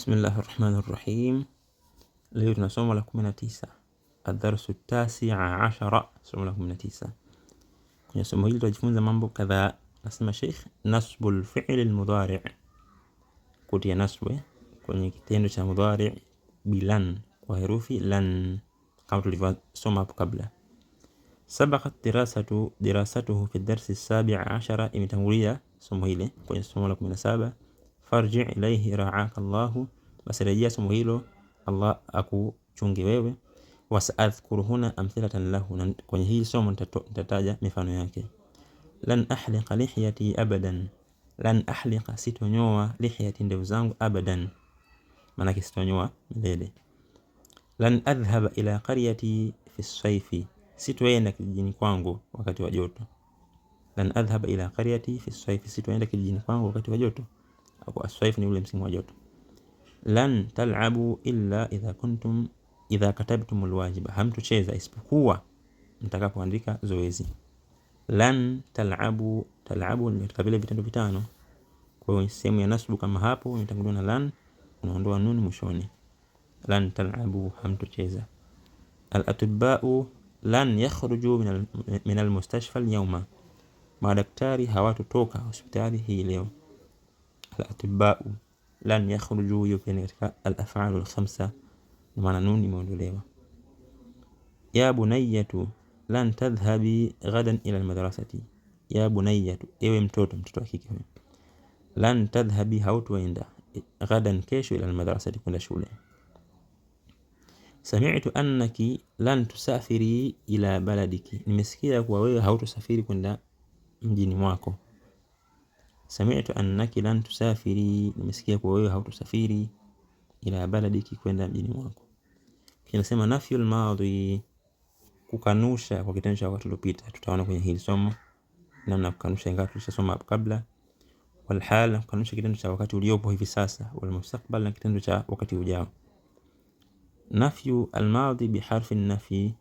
بسم الله الرحمن الرحيم ليو نسوم لكم نتيسة الدرس التاسع عشر سوم لكم نتيسة نسوم هيل تجفون زمان بو كذا نسمى شيخ نسب الفعل المضارع قلت يا نسب كوني كتين رشا مضارع بلن وهروفي لن قمت لفاسوم بو قبل سبقت دراسة دراسته في الدرس السابع عشر امتنورية سوم هيل كوني سوم لكم نسابة farji ilayhi raaka Allah, basi rejea somo hilo, Allah akuchunge wewe. Wasaadhkuru huna amthilatan lahu, na kwenye hii somo nitataja mifano yake. Lan ahliqa lihiyati abadan, lan ahliqa, sitonyoa, lihiyati, ndevu zangu, abadan, maana kisitonyoa milele. Lan adhhaba ila qaryati fi saifi, sitoenda kijijini kwangu wakati wa joto. Lan adhhaba ila qaryati fi saifi, sitoenda kijijini kwangu wakati wa joto. Aswaif ni ule msimu wa joto. Lan talabu illa idha kuntum idha katabtum alwajib, hamtucheza isipokuwa mtakapoandika zoezi. Lan talabu, talabu ni katika vile vitendo vitano. Kwa hiyo sehemu ya nasbu kama hapo imetanguliwa na lan, unaondoa nun mwishoni. Lan talabu, hamtucheza. Alatibau lan yakhruju min almustashfa alyawma, madaktari hawatotoka hospitali hii leo. Al-atibau lan yakhruju, hiyo katika al-af'al al-khamsa, maana nun imeondolewa. Ya bunayatu lan tadhhabi ghadan ila al-madrasati, ya bunayatu, ewe mtoto, mtoto wa kike. Lan tadhhabi, hautoenda. Ghadan, kesho. Ila al-madrasati, kwenda shule. Sami'tu annaki lan tusafiri ila baladiki, nimesikia kuwa wewe hautosafiri kwenda mjini mwako. Sami'tu annaki lan tusafiri, nimesikia kuwa wewe hautusafiri. Ila baladiki, kwenda mjini mwako. Kinasema nafyul madhi, kukanusha kwa kitendo cha wakati uliopita. Tutaona kwenye hili somo namna ya kukanusha, ingawa tulishasoma hapo kabla. Wal hal, kukanusha kitendo cha wakati uliopo hivi sasa. Wal mustaqbal, na kitendo cha wakati ujao. Nafyu almadhi biharfi nafi,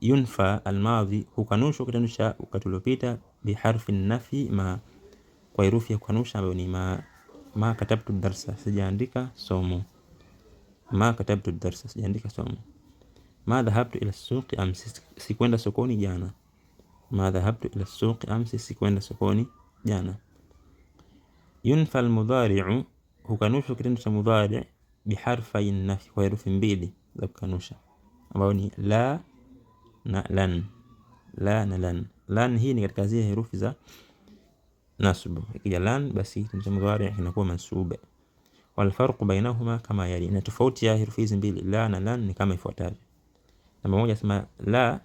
yunfa almadhi, hukanushwa kitendo cha wakati uliopita biharfi nafi ma kwa herufi ya kuanusha ambayo ni ma, ma katabtu darsa, sijaandika somo. Ma katabtu darsa, sijaandika somo. Ma dhahabtu ila suqi amsi, sikwenda sokoni jana. Ma dhahabtu ila suqi amsi, sikwenda sokoni jana. Yunfa almudhari'u, hukanushwa kitendo cha mudhari' biharfain nafi, kwa herufi mbili za kukanusha ambayo ni la na lan. La na lan. Lan hii ni katika zile herufi za nasbu. Ikija lan basi kitamsha mudhari inakuwa mansuba. Wal farqu bainahuma kama yali, na tofauti ya herufi hizi mbili la na lan ni kama ifuatavyo. Namba moja, sema la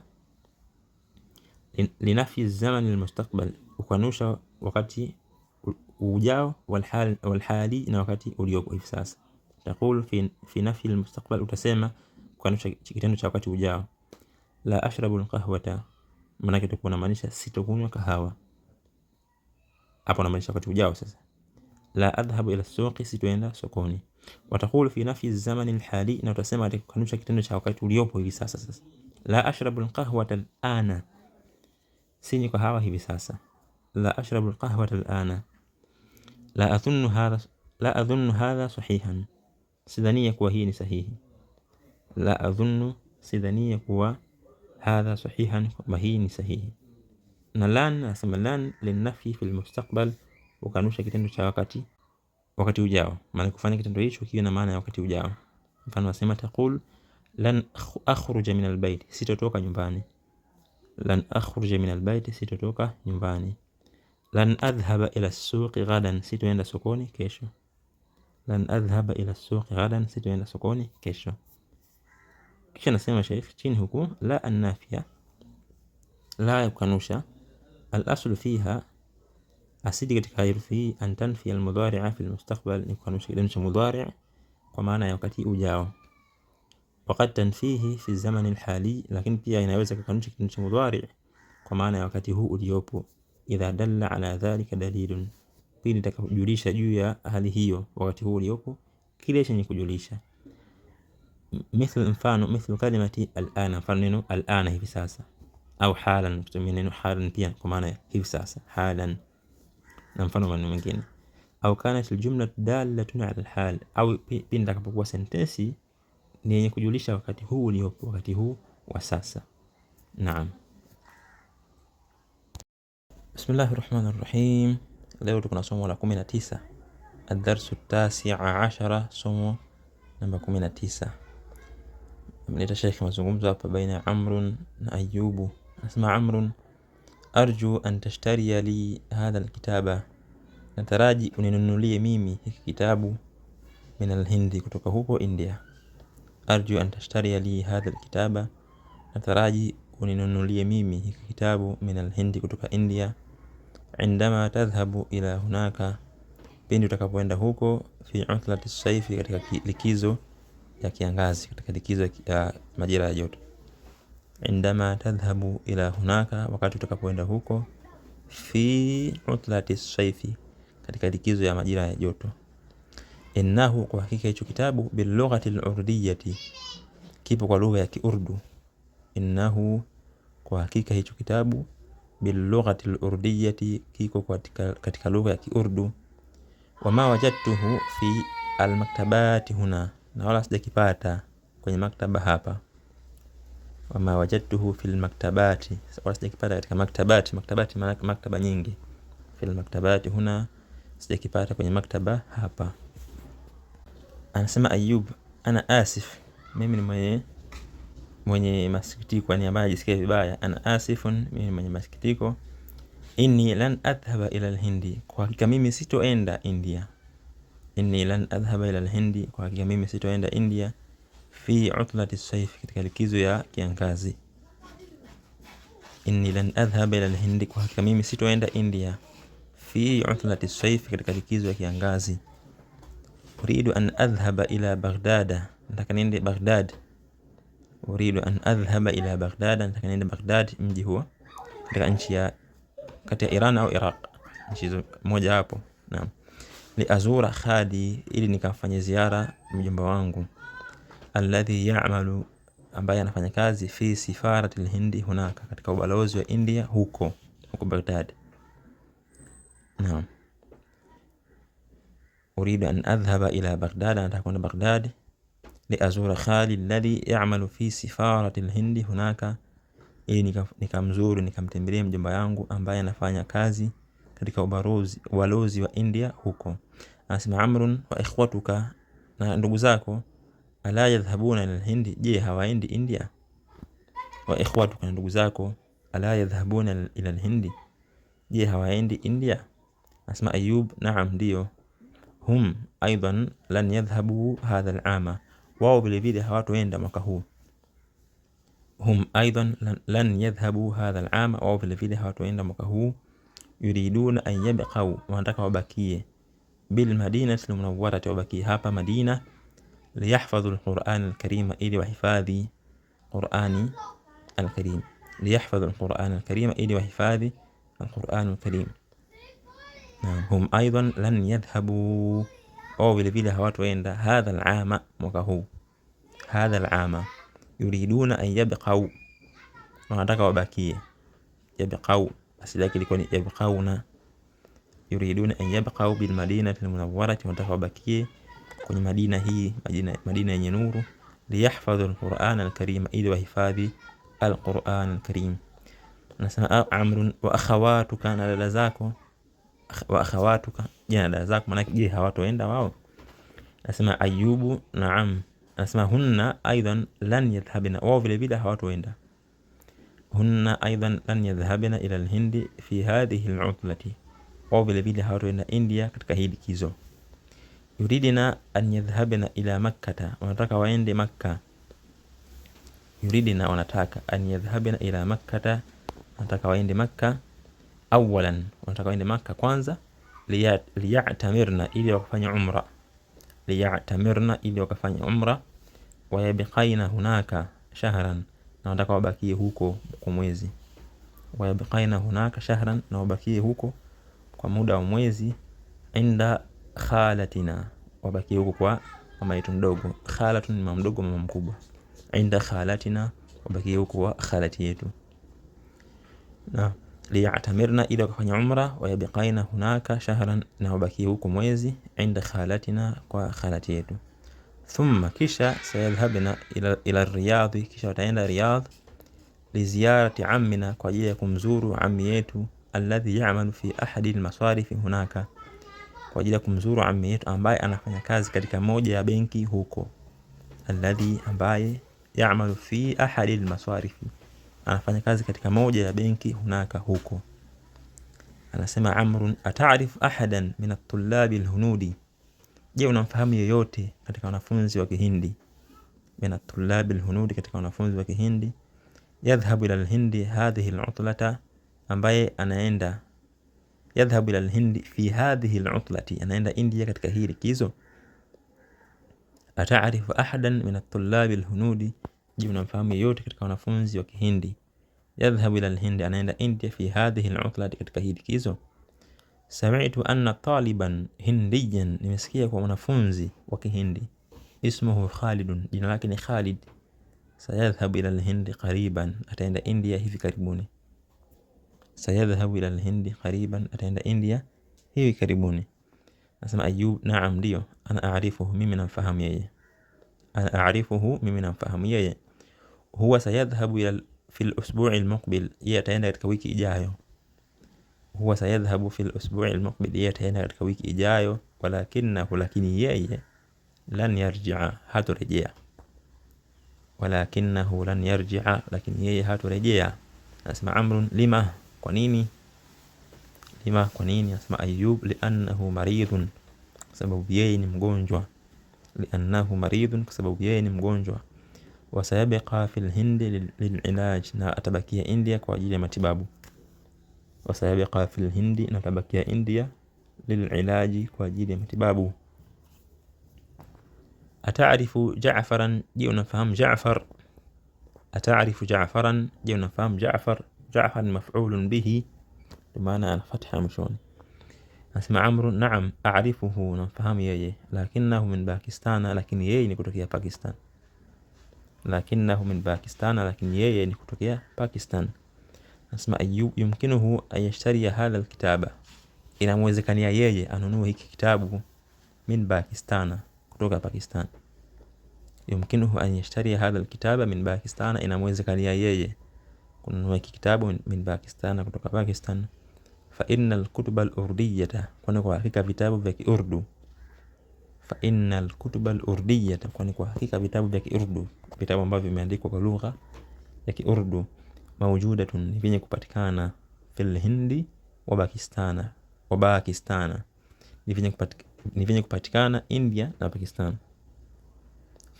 linafi zamani lilmustaqbal, ukanusha wakati ujao, Wal walhali na wakati uliopo hivi sasa. Taqul fi fi nafi lmustaqbal, utasema ukanusha kitendo cha wakati ujao. La ashrabu alqahwata, maanake utakuwa unamaanisha sitokunywa kahawa. hapo anamaanisha wakati ujao sasa. La adhhabu ila suqi, sitaenda sokoni. Watakulu fi nafi zamani alhali, na utasema atakanusha kitendo cha wakati uliopo hivi sasa. Sasa la ashrabu alqahwata alana, sinywi kahawa hivi sasa. La ashrabu alqahwata alana, la adhunnu hadha, la adhunnu hadha sahihan, sidhania kuwa hii ni sahihi. La adhunnu, sidhania kuwa hadha sahihan, kama hii ni sahihi na lan nasema lan linnafi fil mustakbal, ukanusha kitendo cha wakati wakati ujao, maana kufanya kitendo hicho kiwe na maana ya wakati ujao. Mfano wasema taqul lan akhruja min albayt, sitotoka nyumbani. Lan akhruja min albayt, sitotoka nyumbani. Lan adhhaba ila suqi ghadan, sitoenda sokoni kesho. Lan adhhaba ila suqi ghadan, sitoenda sokoni kesho. Kisha nasema Sheikh chini huku la annafia, la ya kukanusha الأصل فيها أسيدي قد قاير فيه أن تنفي المضارع في المستقبل نكون مشكلة مش مضارع كما أنا يوكتي أجاو وقد تنفيه في الزمن الحالي لكن بيا ينويزك كون مشكلة مش مضارع كما أنا يوكتي هو أليوبو إذا دل على ذلك دليل قيل لك جوليشة جويا أهلي هيو وقت هو أليوبو كليش نيكو جوليشة مثل انفانو مثل كلمة الآن فرنينو الآن في ساسة au halan, kutumia neno halan pia kwa maana hivi sasa halan na mfano maneno mengine. Au kanat aljumlatu dalatun ala alhal, au pindi itakapokuwa sentensi ni yenye kujulisha wakati huu uliopo, wakati huu wa sasa. Naam. Bismillahir Rahmanir Rahim. Leo tuko na somo la 19, ad-darsu at-tasi'a ashara, somo namba 19. Mleta Sheikh mazungumzo hapa baina ya Amrun na Ayubu Nasema Amrun, arju an tashtaria li hadha alkitaba, nataraji uninunulie mimi hiki kitabu. Min alhindi, kutoka huko India. Arju an tashtaria li hadha alkitaba, nataraji uninunulie mimi hiki kitabu. Min alhindi, kutoka India. Indama tadhhabu ila hunaka, pindi utakapoenda huko. Fi uthlati saifi, katika likizo ya kiangazi, katika likizo ya majira ya joto indama tadhhabu ila hunaka, wakati utakapoenda huko. Fi utlati saifi, katika likizo ya majira ya joto. Innahu, kwa hakika hicho kitabu. Bilughati lurdiyati, kipo kwa lugha ya Kiurdu. Innahu, kwa hakika hicho kitabu. Bilughati lurdiyati, kiko katika lugha ya Kiurdu. Wama wajadtuhu fi almaktabati huna, na wala sijakipata kwenye maktaba hapa wama wajadtuhu fil maktabati, sijakipata katika maktabati. Maktabati maana maktaba nyingi. Fi lmaktabati huna, sijakipata kwenye maktaba hapa. Anasema Ayub, ana asif, mimi ni mwenye mwenye masikitiko, yani ambaye ajisikia vibaya. Ana asifun, mimi ni mwenye masikitiko. Inni lan adhhaba ila lhindi, kwa hakika mimi sitoenda India. Inni lan adhhaba ila lhindi, kwa hakika mimi sitoenda India fi utlati saif, katika likizo ya kiangazi. Inni lan adhhab ila al kwa hakika mimi sitoenda India. Fi utlati saif, katika likizo ya kiangazi. Uridu an adhhaba ila Baghdad, nataka niende Baghdad. Uridu an adhhaba ila Baghdad, nataka niende Baghdad, mji huo katika nchi ya kati ya Iran au Iraq, nchi moja hapo. Naam, li azura khadi, ili nikafanye ziara mjomba wangu alladhi ya'malu, ambaye anafanya kazi fi sifarati lhindi hunaka, katika ubalozi wa India huko huko Baghdad. Naam, uridu an adhhaba ila Baghdad, anataka kwenda Baghdad. Liazura khali alladhi ya'malu fi sifarati lhindi hunaka, ili nikamzuru nikamtembelea mjomba yangu ambaye anafanya kazi katika ubalozi wa India huko. Anasema amrun wa ikhwatuka, na ndugu zako ala yadhhabuna ila lhindi, je hawaendi India? wa ikhwatuka, na ndugu zako. ala yadhhabuna ila lhindi, je hawaendi India? Asema Ayub, naam, ndio. Hum aidan lan yadhhabu hadha alama, wao vilevile hawatoenda mwaka huu. Hum aidan lan yadhhabu hadha alama, wao vilevile hawatoenda mwaka huu. Yuriduna an yabqau, wanataka wabakie bil madinati lmunawwarati, wabakie hapa Madina ليحفظوا القرآن الكريم إلي وحفاظي القرآن الكريم ليحفظوا القرآن الكريم إلي وحفاظي القرآن الكريم نعم هم أيضا لن يذهبوا أو بالفيلا هوات ويندا هذا العام مكهو هذا العام يريدون أن يبقوا ما دقوا باكية يبقوا بس لكن يبقون يريدون أن يبقوا بالمدينة المنورة ودقوا باكية kwenye madina hii madina yenye nuru, liyahfadhu alquran alkarim, ili wahifadhi alquran alkarim. Nasema ah, amrun wa akhawatuka, na dada zako. Wa akhawatuka, je na dada zako, maana je hawatoenda wao? Nasema Ayubu, naam. Nasema hunna aidan lan yadhhabna, wao vile vile hawatoenda. Hunna aidan lan yadhhabna ila alhindi fi hadhihi alutlati, wao vile vile hawatoenda India katika hii likizo yuridina an yadhhabna ila makkata, wanataka waende Makka. Yuridina, wanataka an yadhhabna ila makkata, wanataka waende Makka. Awalan, wanataka waende Makka kwanza. Liyatamirna, ili wakafanya umra. Liyatamirna, ili wakafanya umra. Wayabqaina hunaka shahran, na wanataka wabakie huko kwa mwezi. Wayabqaina hunaka shahran, na wabakie huko kwa muda wa mwezi inda khalatina, wabaki huko kwa mama yetu mdogo. Khalatun ni mama mdogo, mama mkubwa. Inda khalatina, wabaki huko kwa khalati yetu. Na liyatamirna, ili wakafanya umra. Wayabikaina hunaka shahran, na wabaki huko mwezi. Inda khalatina, kwa khalati yetu. Thumma, kisha sayadhhabna ila, ila Riyadhi, kisha wataenda Riyadh liziarati ammina, kwa ajili ya kumzuru ammi yetu alladhi ya'malu fi ahadi almasarifi hunaka kwa ajili ya kumzuru ammi yetu ambaye anafanya kazi katika moja ya benki huko, alladhi ambaye yaamalu fi ahadi almaswarifi, anafanya kazi katika moja ya benki hunaka huko. Anasema Amrun, ataarif ahadan min atullabi alhunudi, je, unamfahamu yeyote katika wanafunzi wa Kihindi? Min atullabi alhunudi, katika wanafunzi wa Kihindi. Yadhhabu ila alhindi hadhihi alutlata, ambaye anaenda يذهب إلى الهند في هذه العطلة أنا عند إنديا katika كيزو أتعرف أحدا من الطلاب الهنود جي منفهم يوتي katika wanafunzi wa يذهب إلى الهند أنا عند إنديا في هذه العطلة katika كيزو سمعت أن طالبا هنديا نمسكيا kwa wanafunzi وكهندي اسمه خالد جنا لكن خالد سيذهب إلى الهند قريبا أتعند إنديا في karibuni سيذهب إلى الهند قريبا أتenda India hivi karibuni. Nasema Ayub, naam, ndio. Ana aarifuhu, mimi namfahamu yeye. Ana aarifuhu, mimi namfahamu yeye. Huwa sayadhhabu ila fi al-usbu' al-muqbil, yeye ataenda katika wiki ijayo. Huwa sayadhhabu fi al-usbu' al-muqbil, yeye ataenda katika wiki ijayo. Walakinahu, lakini yeye lan yarji'a, hatorejea. Walakinahu lan yarji'a, lakini yeye hatorejea. Nasema Amrun, lima Kwa nini? Lima kwa nini? Anasema Ayub liannahu maridhun, kwa sababu yeye ni mgonjwa. Liannahu maridhun, kwa sababu yeye ni mgonjwa. Wasayabqa fi lhindi lililaj, na atabakia India kwa ajili ya matibabu. Wasayabqa fi lhindi, na atabakia India lililaji, kwa ajili ya matibabu. Atarifu Jafaran, je, unafahamu Jafar? Atarifu Jafaran, je, unafahamu Jafar? Jaafar ni maf'ulun bihi, ndio maana ana fatha mwishoni. Anasema Amru, naam aarifuhu, namfahamu yeye. Lakinahu min Pakistana, lakini yeye ni kutokea Pakistan. Lakinahu min Pakistana, lakini yeye ni kutokea Pakistan. Anasema yumkinuhu an yashtaria hadha alkitaba, inamwezekania yeye anunue hiki kitabu. Min Pakistana, kutoka Pakistan. Yumkinuhu an yashtaria hadha alkitaba min Pakistana, inamwezekania yeye kununua hiki kitabu min Pakistan, kutoka Pakistan. Fa inna alkutuba urdiyata kwani kwa hakika vitabu vya Kiurdu. Fa inna alkutuba urdiyata kwani kwa hakika vitabu vya Kiurdu, vitabu ambavyo vimeandikwa kwa lugha ya Kiurdu. Maujudatun, ni vyenye kupatikana fil Hindi wa Pakistana, wa Pakistana ni vyenye kupatikana India na Pakistan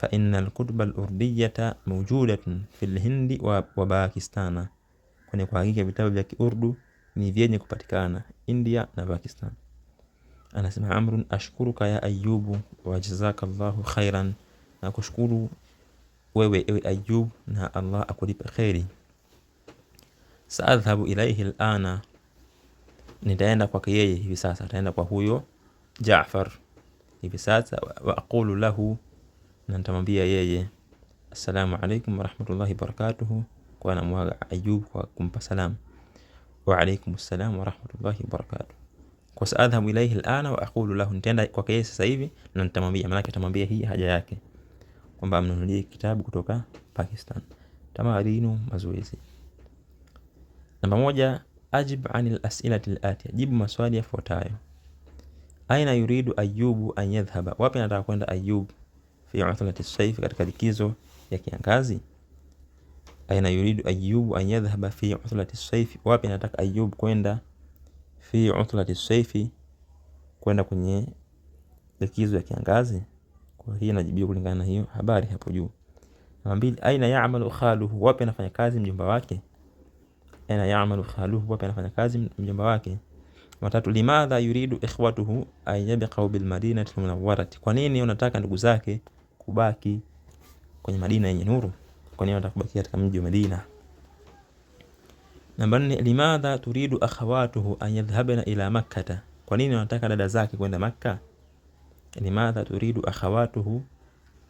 fa inna al-kutub al-urdiyata mawjudatun fil hindi wa, wa Pakistan. kwani kwa hakika vitabu vya Kiurdu ni vyenye kupatikana India na Pakistan. Anasema Amrun, ashkuruka ya Ayubu wa jazakallahu khairan, na kushukuru wewe ewe Ayub na Allah akulipe kheri. Saadhhabu al-ana, nitaenda kwa yeye hivi sasa, nitaenda kwa huyo Jaafar hivi sasa. Wa aqulu lahu na nitamwambia yeye assalamu alaikum warahmatullahi wabarakatuhu, kwa namwaga Ayub kwa kumpa salamu wa alaikum assalam warahmatullahi wabarakatuh, kwa saadhabu ilaihi alana wa aqulu lahu, nitaenda kwake yeye sasa hivi na nitamwambia, maana yake atamwambia hii haja yake kwamba amnunulie kitabu kutoka Pakistan, tamarinu mazoezi. Namba moja, ajib anil asilati alatia, jibu maswali yafuatayo: aina yuridu ayubu an yadhhaba, wapi anataka kwenda Ayub fi uthlati saif, katika likizo ya kiangazi. Aina yuridu Ayubu an yadhhaba fi uthlati saif, wapi anataka Ayub kwenda? Fi uthlati saif, kwenda kwenye likizo ya kiangazi. Kwa hiyo inajibiwa kulingana na hiyo habari hapo juu. Namba mbili, aina yaamalu khaluhu, wapi anafanya kazi mjomba wake? Aina yaamalu khaluhu, wapi anafanya kazi mjomba wake? Watatu, limadha yuridu ikhwatuhu an yabqau bil madinati munawwarati, kwa nini unataka ndugu zake kubaki kwenye Madina yenye nuru? Kwa nini wanataka kubaki katika mji wa Madina? Namba nne, limadha turidu akhawatuhu an yadhhabna ila makkata, kwa nini wanataka dada zake kwenda Makka? Limadha turidu akhawatuhu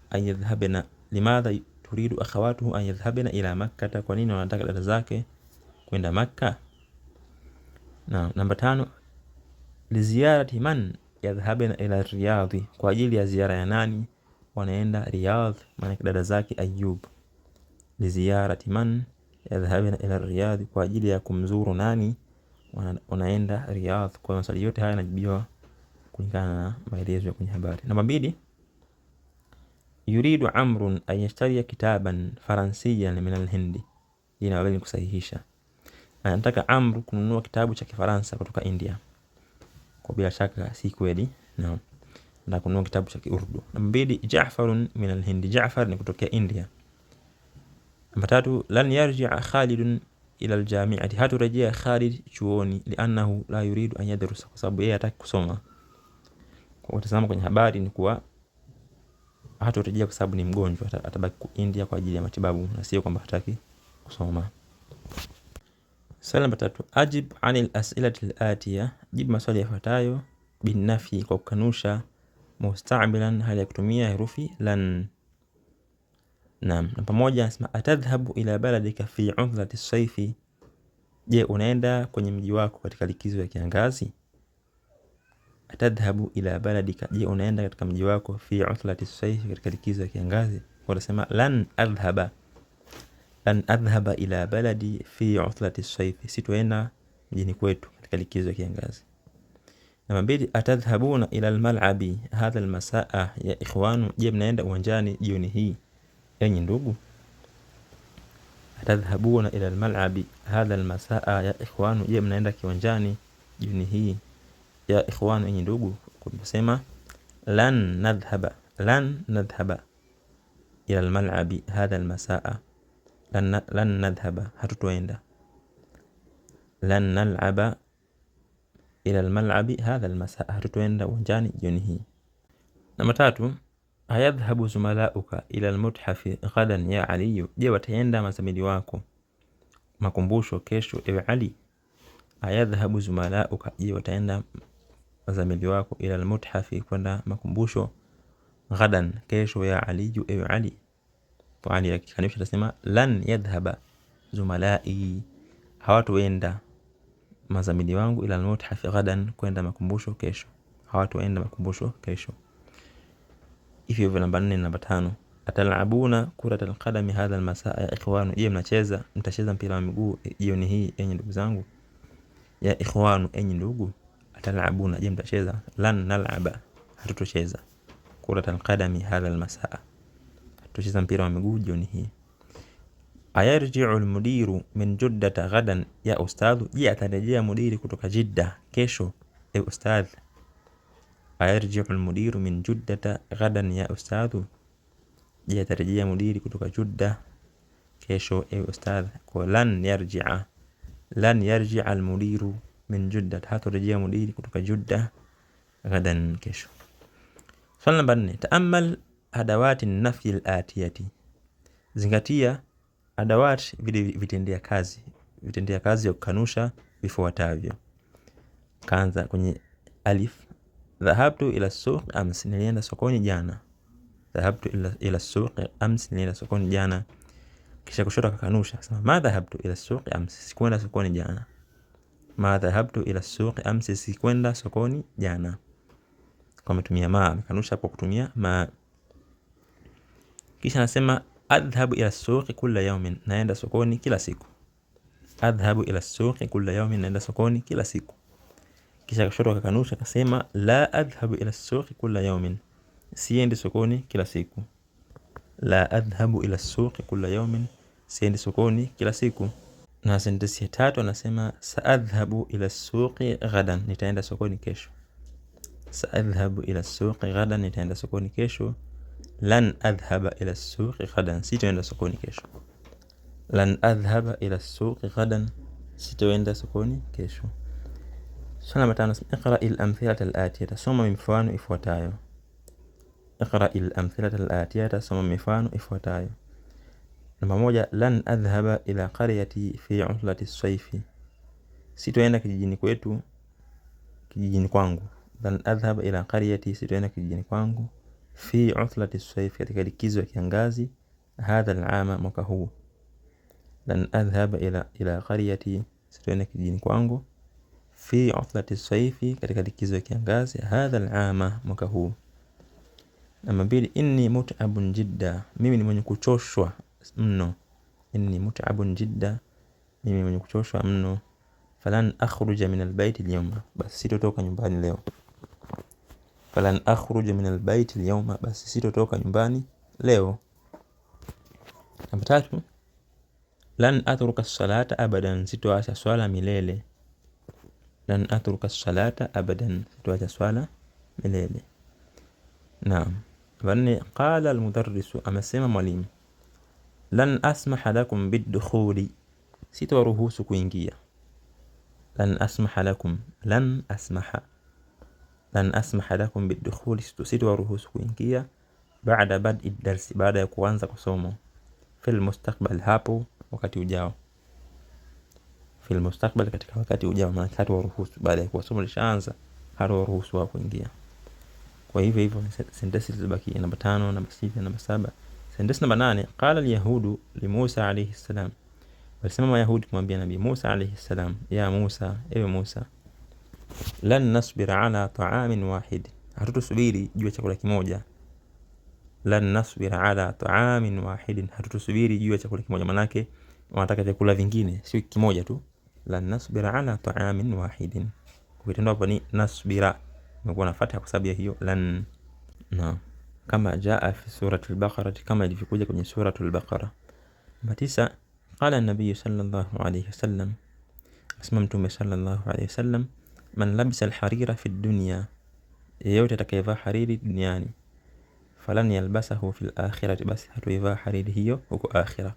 an yadhhabna, limadha turidu akhawatuhu an yadhhabna ila makkata, kwa nini wanataka dada zake kwenda Makka? Na namba tano, liziarati man yadhhabna ila Riyadhi, kwa ajili ya ziara ya nani wanaenda Riyadh maanake dada zake Ayub. Liziarati man yadhhabina ila Riyadh, kwa ajili ya kumzuru nani? wanaenda Riyadh. Kwa maswali yote haya yanajibiwa kulingana na maelezo ya kwenye habari. Namba mbili, yuridu amrun an yashtaria kitaban faransiyan min alhindi. Hii ni kusahihisha, anataka Amru kununua kitabu cha Kifaransa kutoka India, kwa bila shaka si kweli. Naam. no na kununua kitabu cha Kiurdu. Namba mbili, Ja'farun min alhindi, hindi Ja'far ni kutokea India. Namba tatu, lan yarji'a Khalidun ila aljamiati, jamiati haturejea Khalid chuoni, li'annahu la yuridu an yadrusa, kwa sababu yeye hataki kusoma. Kwa kutazama kwenye habari ni kuwa hatorejea kwa sababu ni mgonjwa, atabaki India kwa ajili ya matibabu na sio kwamba hataki kusoma. Swali namba tatu, ajib anil as'ilati alatiya, jibu maswali yafuatayo Binafi, kwa kukanusha mustamilan hali ya kutumia herufi lan. Naam, na pamoja anasema atadhhabu ila baladika fi udhlati saifi, je, unaenda kwenye mji wako katika likizo ya kiangazi. Atadhhabu ila baladika, je, unaenda katika mji wako fi udhlati saifi, katika likizo ya kiangazi. Kwa nasema lan adhhaba, lan adhhaba ila baladi fi udhlati saifi, situenda mjini kwetu katika likizo ya kiangazi. لما بيجي أتذهبون إلى الملعب هذا المساء يا إخوان je mnaenda uwanjani jioni hii enyi ndugu atadhhabuna ila almal'abi hadha almasaa ya ikhwanu je mnaenda kiwanjani jioni hii ya ikhwanu enyi ndugu kusema lan nadhhaba lan nadhhaba ila almal'abi hadha almasaa lan, lan nadhhaba hatutoenda lan nal'aba ila almalabi hadha almasa, hatutoenda uwanjani jioni hii. Namba tatu, hayadhhabu zumalauka ila almuthafi ghadan ya Ali, je wataenda mazamili wako makumbusho kesho, ewe Ali? Ayadhhabu zumalauka, je wataenda mazamili wako ila almuthafi, kwenda makumbusho ghadan, kesho, ya Ali ewe Ali? Kwa Ali akikanusha atasema lan yadhhaba zumalai, hawatoenda mazamini wangu ila almuthafi ghadan, kwenda makumbusho kesho. Hawatu waenda makumbusho kesho. Hivyo hivyo namba nne, namba tano, atalabuna kurata alqadami hadha almasaa ya ikhwanu, je, mnacheza mtacheza mpira wa miguu jioni hii enyi ndugu zangu? Ya ikhwanu, enyi ndugu. Atalabuna, je, mtacheza? Lan nalaba, hatutocheza. Kurata alqadami hadha almasaa, hatutocheza mpira wa miguu jioni hii. أيرجع المدير من جدة غدا يا أستاذ؟ يا تنجي مديري كتوك جدة كيشو يا أستاذ أيرجع المدير من جدة غدا يا أستاذ؟ يا تنجي مديري كتوك جدة كيشو يا أستاذ ولن يرجع لن يرجع المدير من جدة هاتو رجي مديري كتوك جدة غدا كيشو سؤال بني تأمل أدوات النفي الآتية زنغتية adawat vile vitendea kazi, vitendea kazi ya kukanusha vifuatavyo. Kaanza kwenye alif, dhahabtu ila suq ams, nilienda sokoni jana. Dhahabtu ila, ila suq ams, nilienda sokoni jana. Kisha kushoto akakanusha akasema, ma dhahabtu ila suq ams, sikwenda sokoni jana. Ma dhahabtu ila suq ams, sikwenda sokoni jana. Kwa kutumia ma, amekanusha kwa kutumia ma. Kisha anasema Adhhabu ila suqi kulla yaumin, naenda sokoni kila siku. Adhhabu ila suqi kulla yaumin, naenda sokoni kila siku. Kisha kushoto akakanusha akasema la adhhabu ila suqi kulla yaumin, siendi sokoni kila siku. La adhhabu ila suqi kulla yaumin, siendi sokoni kila siku. Na sentensi ya tatu anasema saadhhabu ila suqi ghadan, nitaenda sokoni kesho. Saadhhabu ila suqi ghadan, nitaenda sokoni kesho lan adhhaba ila suqi ghadan, sitoenda sokoni kesho. Lan adhhaba ila suqi ghadan, sitoenda sokoni kesho. Swali namba tano, iqra al amthilata al atiyata, soma mifano ifuatayo. Iqra al amthilata al atiyata, soma mifano ifuatayo. Namba moja, lan adhhaba ila qaryati fi uhlati saifi, sitoenda kijijini kwetu kijijini kwangu. Lan adhhaba ila qaryati, sitoenda kijijini kwangu fi utlati saif, katika likizo ya kiangazi. Hadha alama, mwaka huu. Lan adhhab ila, ila qaryati, sitaenda kijijini kwangu. Fi utlati saifi, katika likizo ya kiangazi. Hadha alama, mwaka huu. Namba mbili, inni mutabun jidda, mimi ni mwenye kuchoshwa mno. Inni mutabun jidda, mimi mwenye kuchoshwa mno. Falan akhruja min albaiti alyawma, basi sitotoka nyumbani leo falan akhruja min albaiti alyawma, basi sitotoka nyumbani leo. Namba tatu, lan atruka salata abadan, sitoacha swala milele. Lan atruka salata abadan, sitoacha swala milele. Naam. Namba nne, qala almudarrisu, amesema mwalimu, lan asmaha lakum bidukhuli, sitowaruhusu kuingia. Lan asmaha lakum, lan asmaha lan asmaha lakum bidukhuli, sitwaruhusu kuingia baada badi darsi, baada ya kuanza kusomo fil mustaqbal, hapo wakati ujao fil mustaqbal, katika wakati ujao, maana hatuwaruhusu baada ya kuwa somo lishaanza, hatuwaruhusu wao kuingia. Kwa hivyo hivyo sentensi zilizobaki, namba tano, namba sita, namba saba. Sentensi namba nane, qala alyahudu li Musa alayhi salam, walisema Wayahudi kumwambia Nabii Musa alayhi salam, ya Musa, ewe Musa lan nasbira ala taamin wahid, hatutusubiri juu ya chakula kimoja. Lan nasbira ala taamin wahidin, hatutusubiri juu ya chakula kimoja. Manake wanataka vyakula vingine, sio kimoja tu. Lan nasbira ala taamin wahidin, vitendo hapo ni nasbira, imekuwa na fatha kwa sababu ya hiyo lan na kama jaa fi surati al-Baqara, kama ilivyokuja kwenye surati al-Baqara. Namba tisa, qala an-nabiy sallallahu alayhi wasallam, asma mtume sallallahu alayhi wasallam Man labisa alharira fi dunya, yeyote atakayevaa hariri duniani. Falan yalbasahu fi lakhirati, basi hatoivaa hariri hiyo huko akhira.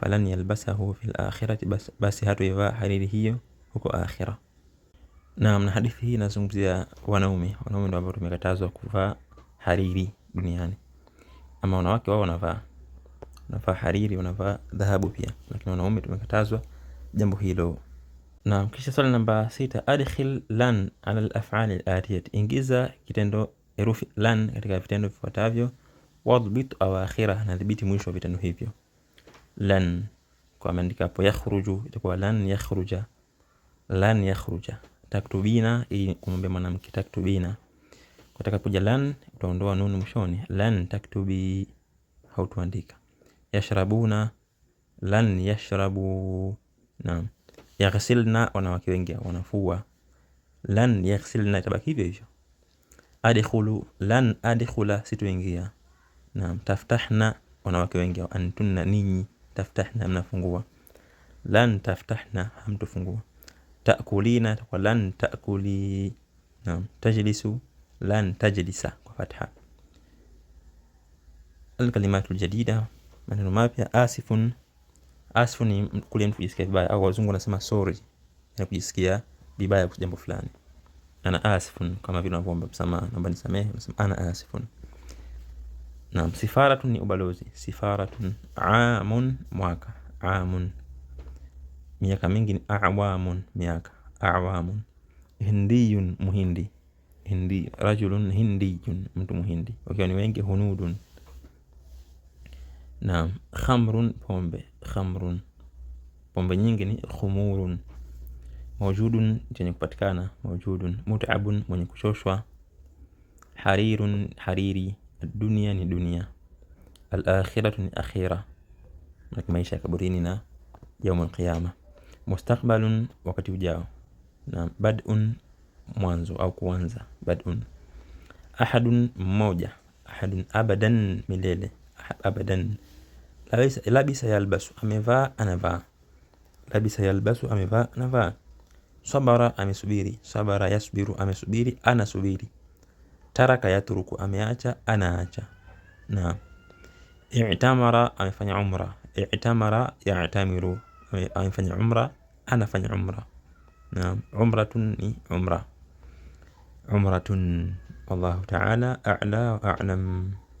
Falan yalbasahu fi lakhirati, basi hatoivaa hariri hiyo huko akhira. Naam, na hadithi hii inazungumzia wanaume. Wanaume ndio ambao tumekatazwa kuvaa hariri duniani, ama wanawake wao wanavaa wanavaa hariri, wanavaa dhahabu pia, lakini wanaume tumekatazwa jambo hilo. Naam, kisha swali namba sita, adkhil lan ala al-af'ali al-atiyati, ingiza kitendo herufi lan katika vitendo vifuatavyo, wadhbit awakhira, na dhibiti mwisho wa vitendo hivyo. Lan kwa maandika hapo, yakhruju itakuwa lan yakhruja, lan yakhruja. Taktubina ili kumwambia mwanamke taktubina, kutaka kuja lan, utaondoa nunu mwishoni, lan taktubi, hautuandika. Yashrabuna lan yashrabu, naam yaghsilna, wanawake wengi wanafua. Lan yaghsilna itabaki hivyo hivyo. Adkhulu, lan adkhula, sitoingia. Naam. Taftahna, wanawake wengi. Antunna, ninyi. Taftahna, mnafungua. Lan taftahna, hamtofungua. Taakulina, kwa lan taakuli. Naam. Tajlisu, lan tajlisa, kwa fatha. Alkalimatu ljadida, maneno mapya. Asifun Asfu ni kule mtu kujisikia vibaya, au wazungu wanasema sorry, yani kujisikia vibaya kwa jambo fulani. Ana asifun, kama vile unavyoomba msamaha, naomba nisamehe, unasema ana asifun. Naam, sifaratun ni ubalozi. Sifaratun amun, mwaka. Amun miaka mingi ni awamun, miaka awamun. Hindiyun, muhindi. Hindi rajulun hindiyun, mtu muhindi. Wakiwa ni wengi hunudun na khamrun pombe, khamrun pombe nyingi ni khumurun. Mawjudun chenye kupatikana, mawjudun. Mut'abun mwenye kuchoshwa. Harirun hariri. Dunia ni dunia. Alakhiratu ni akhira, maisha ya kaburini na yaumul qiyama. Mustakbalun, wakati ujao. Naam, bad'un mwanzo au kuanza, bad'un. Ahadun mmoja, ahadun abadan milele, abadan labisa yalbasu, amevaa anavaa. Labisa yalbasu, amevaa anavaa. Sabara, amesubiri. Sabara yasbiru, amesubiri anasubiri. Taraka yatruku, ameacha anaacha. Naam. I'tamara, amefanya umra. I'tamara ya'tamiru, amefanya umra anafanya umra. Naam, umratun ni umra. Umratun. Wallahu ta'ala a'la wa a'lam.